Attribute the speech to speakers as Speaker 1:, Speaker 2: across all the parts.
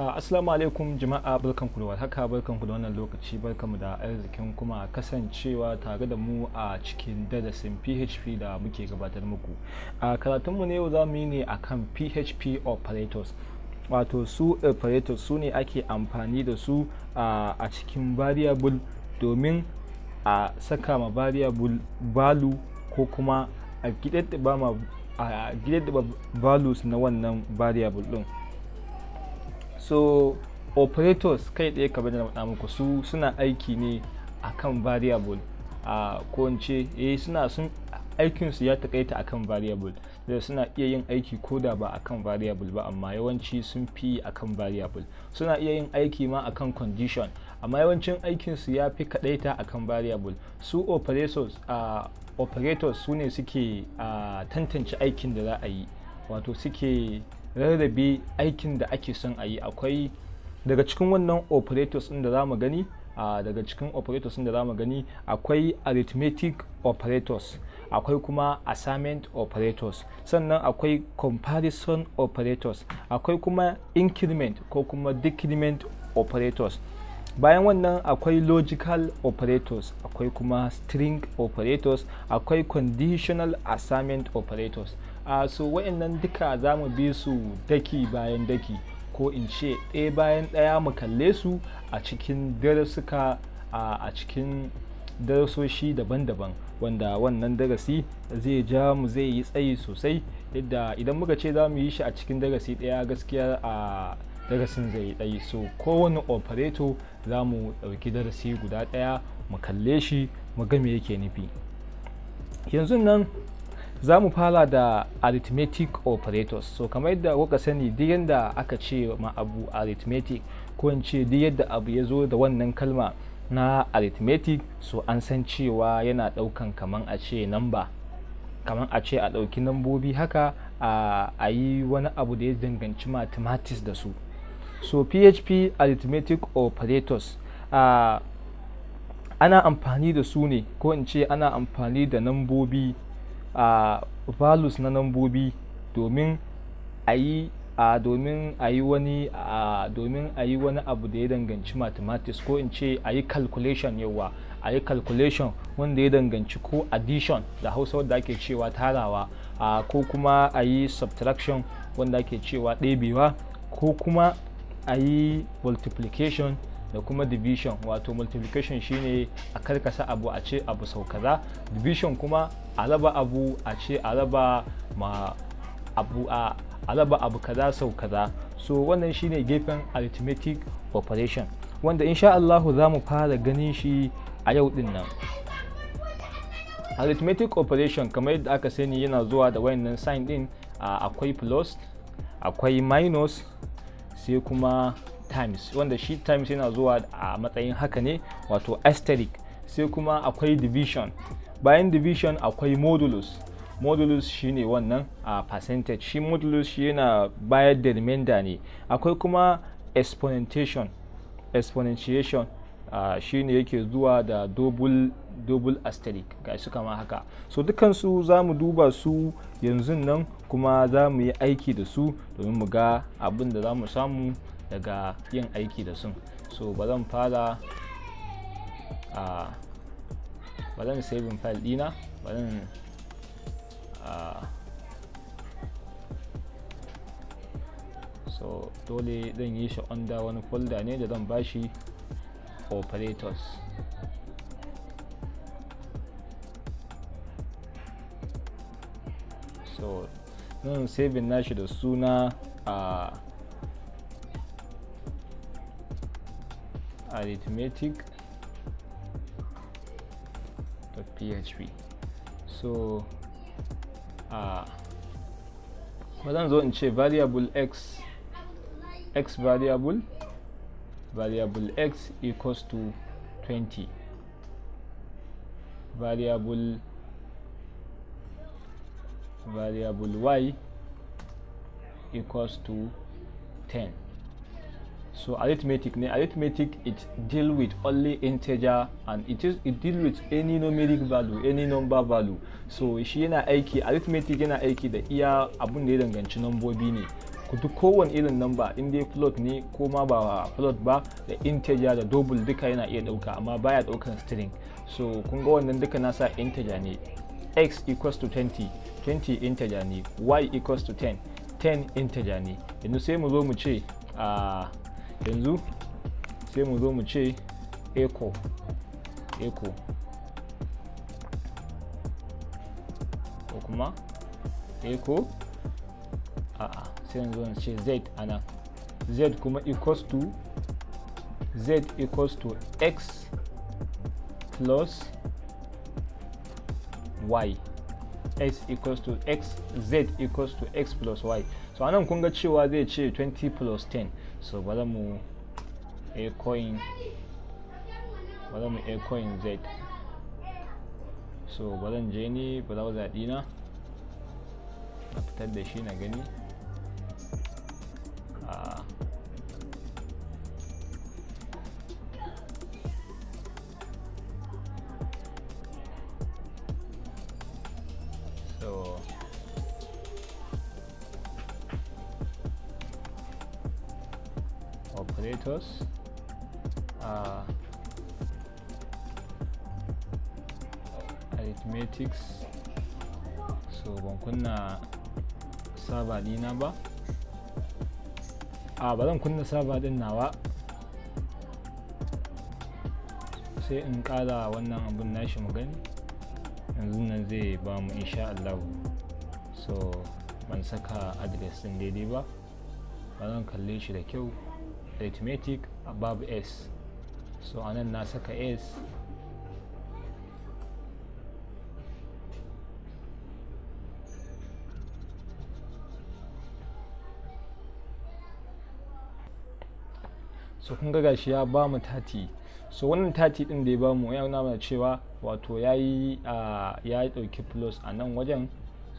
Speaker 1: Ah, assalamu alaikum jama'a barkanku da barkan barkanku da wannan lokaci barkanmu da arzikin kuma kasancewa tare da mu a cikin darasin PHP da muke gabatar muku. A karatun karatunmu ne yau za mu yi ne akan PHP operators. Wato su operators su ne ake amfani da su a cikin variable domin a saka ma variable value ko kuma a gidaddaba values na wannan variable din. so operators kai tsaye kamar da na muku su suna aiki ne akan variable a ko in ce eh, suna sun aikinsu ya takaita akan variable da suna iya yin aiki ko da ba akan variable ba amma yawanci sun fi akan variable suna iya yin aiki ma akan condition amma yawancin aikinsu ya fi kadaita akan variable su operators a operators su ne suke tantance aikin da za a yi wato suke rarrabe aikin da ake son a yi akwai daga cikin wannan operators ɗin da za mu gani a daga cikin operators ɗin da za mu gani akwai arithmetic operators akwai kuma assignment operators sannan akwai comparison operators akwai kuma increment ko kuma decrement operators bayan wannan akwai logical operators akwai kuma string operators akwai conditional assignment operators a so wa'annan duka za mu bi su daki bayan daki ko in ce ɗaya bayan ɗaya mu kalle su a cikin darasuka a cikin darasoshi daban-daban wanda wannan darasi zai ja mu zai yi tsayi sosai yadda idan muka ce za mu yi shi a cikin darasi ɗaya gaskiya a darasin zai yi tsayi so kowane operator za mu ɗauki darasi guda ɗaya mu kalle shi mu game yake nufi yanzu nan za mu fara da arithmetic operators so kamar yadda kuka sani duk yadda aka ce ma abu arithmetic ko in ce duk yadda abu ya zo da wannan kalma na arithmetic so an san cewa yana daukan kaman a ce number kaman a ce a dauki nambobi haka a yi wani abu da ya danganci mathematics da su so php arithmetic operators uh, ana amfani da su ne ko in ce ana amfani da nambobi a values na nambobi domin a yi a domin a yi wani a domin a yi wani abu da ya danganci mathematics ko in ce a yi calculation yawa a yi calculation wanda ya danganci ko addition da hausa wadda ake cewa tarawa a ko kuma a yi subtraction wanda ake cewa ɗebewa ko kuma a yi multiplication da kuma division wato multiplication shine a karkasa abu a ce abu sau division kuma a raba abu a ce a raba ma abu a raba abu kaza sau kaza so wannan shine gefen arithmetic operation wanda insha Allah za mu fara ganin shi a yau din nan arithmetic operation kamar yadda aka sani yana zuwa da wayannan sign din akwai plus akwai minus sai kuma times wanda shi times yana zuwa a matsayin haka ne wato asterisk sai kuma akwai division bayan division akwai modulus modulus shine wannan a percentage shi modulus shi yana bayar da remainder ne akwai kuma exponentation exponentiation uh, ne yake zuwa da double double asterisk ga su kama haka so dukansu za mu duba su yanzu nan kuma za mu yi aiki da su domin mu ga abin da za mu samu daga yin aiki da sun so ba zan fara a ba zan saving file dina ba zan so dole zan yi shi under wani folda ne da zan bashi operators so nan saving nashi da suna a uh, arithmetic.php so uh, ba zo in variable x x variable variable x equals to 20 variable variable y equals to 10 so arithmetic ne arithmetic it deal with only integer and it is it deal with any numeric value any number value so shi yana aiki arithmetic yana aiki da iya abun da ya danganci nambobi ne ku duk kowane irin number in dai float ne ko ma ba float ba da integer da double duka yana iya dauka amma baya daukan string so kun ga wannan duka nasa integer ne x equals to 20 20 integer ne y equals to 10 10 integer ne yanzu sai mu zo mu ce uh, yanzu sai mu zo mu ce echo echo ko kuma echo a'a sai yanzu na ce z ana z kuma equals to z equals to x plus y x equals to x z equals to x plus y so anan kun ga cewa zai ce 20 plus 10 so ba za mu a coin
Speaker 2: ba za z
Speaker 1: so ba je ni zaɗi dina na fitar da shi na gani operators are ah, arithmetics so ban kunna saba dina ba a ah, ba zan kunna saba din nawa sai in ƙara wannan abun nashi mu gani yanzu nan zai ba mu insha Allah so ban saka adres din daidai ba ba zan kalle shi da kyau arithmetic above s so anan na saka s so kun ga gashi ya ba mu 30 so wannan 30 din da ya ba mu ya nuna mana cewa wato ya yi ah, ya dauki plus a nan wajen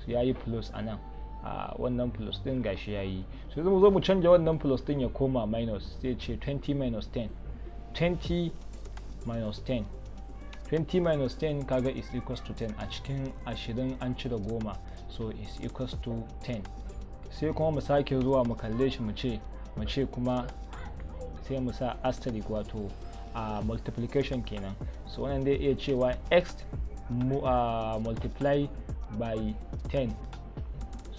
Speaker 1: ya yi plus a nan a wannan plus din gashi ya yi so yanzu zo mu canja wannan plus din ya koma minus sai ce 20 minus 10 20 minus 10 20 minus 10 kaga is equals to 10 a cikin 20 an cire goma so is equals to 10 sai kuma mu sake zuwa mu kalle shi mu ce mu ce kuma sai mu sa asterisk wato a uh, multiplication kenan so wannan dai iya cewa x mu, uh, multiply by 10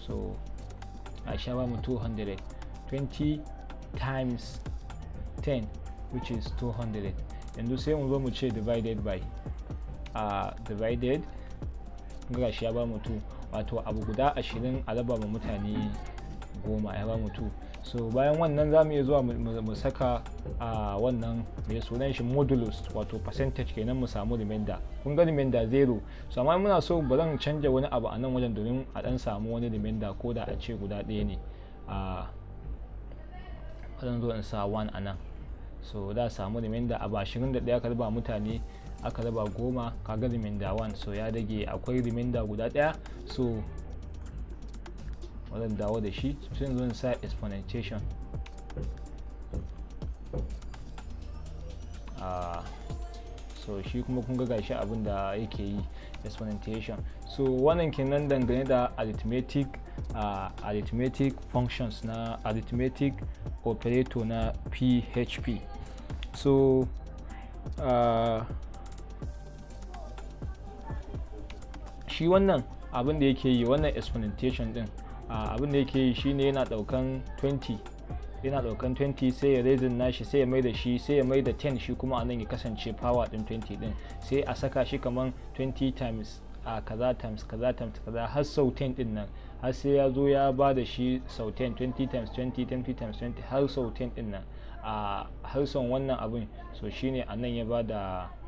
Speaker 1: so I shall have 220 times 10 which is 200 and the same one which ce divided by uh, divided ga shi ya ba mu 2 wato abu guda 20 a raba ma mutane goma ya ba mu so bayan wannan za mu iya zuwa mu saka a wannan mai sunan shi modulus wato percentage kenan mu samu remainder kun ga remainder zero so amma muna so ba zan canja wani abu a nan wajen domin a dan samu wani remainder ko da a ce guda ɗaya ne a zan zo in sa one a nan so da samu remainder a ba daya ka raba mutane aka raba goma ka ga remainder wan so ya dage akwai remainder guda ɗaya so wajen dawo da shi sai zo sa exponentation ah, so shi kuma kun ga gashi abin da yake yi exponentation so wannan kenan dangane da arithmetic uh, arithmetic functions na arithmetic operator na php so uh, shi wannan abin da yake yi wannan exponentation din abin da yake shi ne yana daukan 20 yana daukan 20 sai ya raisin nashi sai ya mai da shi sai ya mai da 10 shi kuma anan ya kasance power din 20 din sai a saka shi kaman 20 times a kaza times kaza times kaza har sau 10 din nan har sai ya zo ya ba da shi sau 10 20 times 20 20 times 20 har sau 10 din nan a harson wannan abin so shine anan ya ba da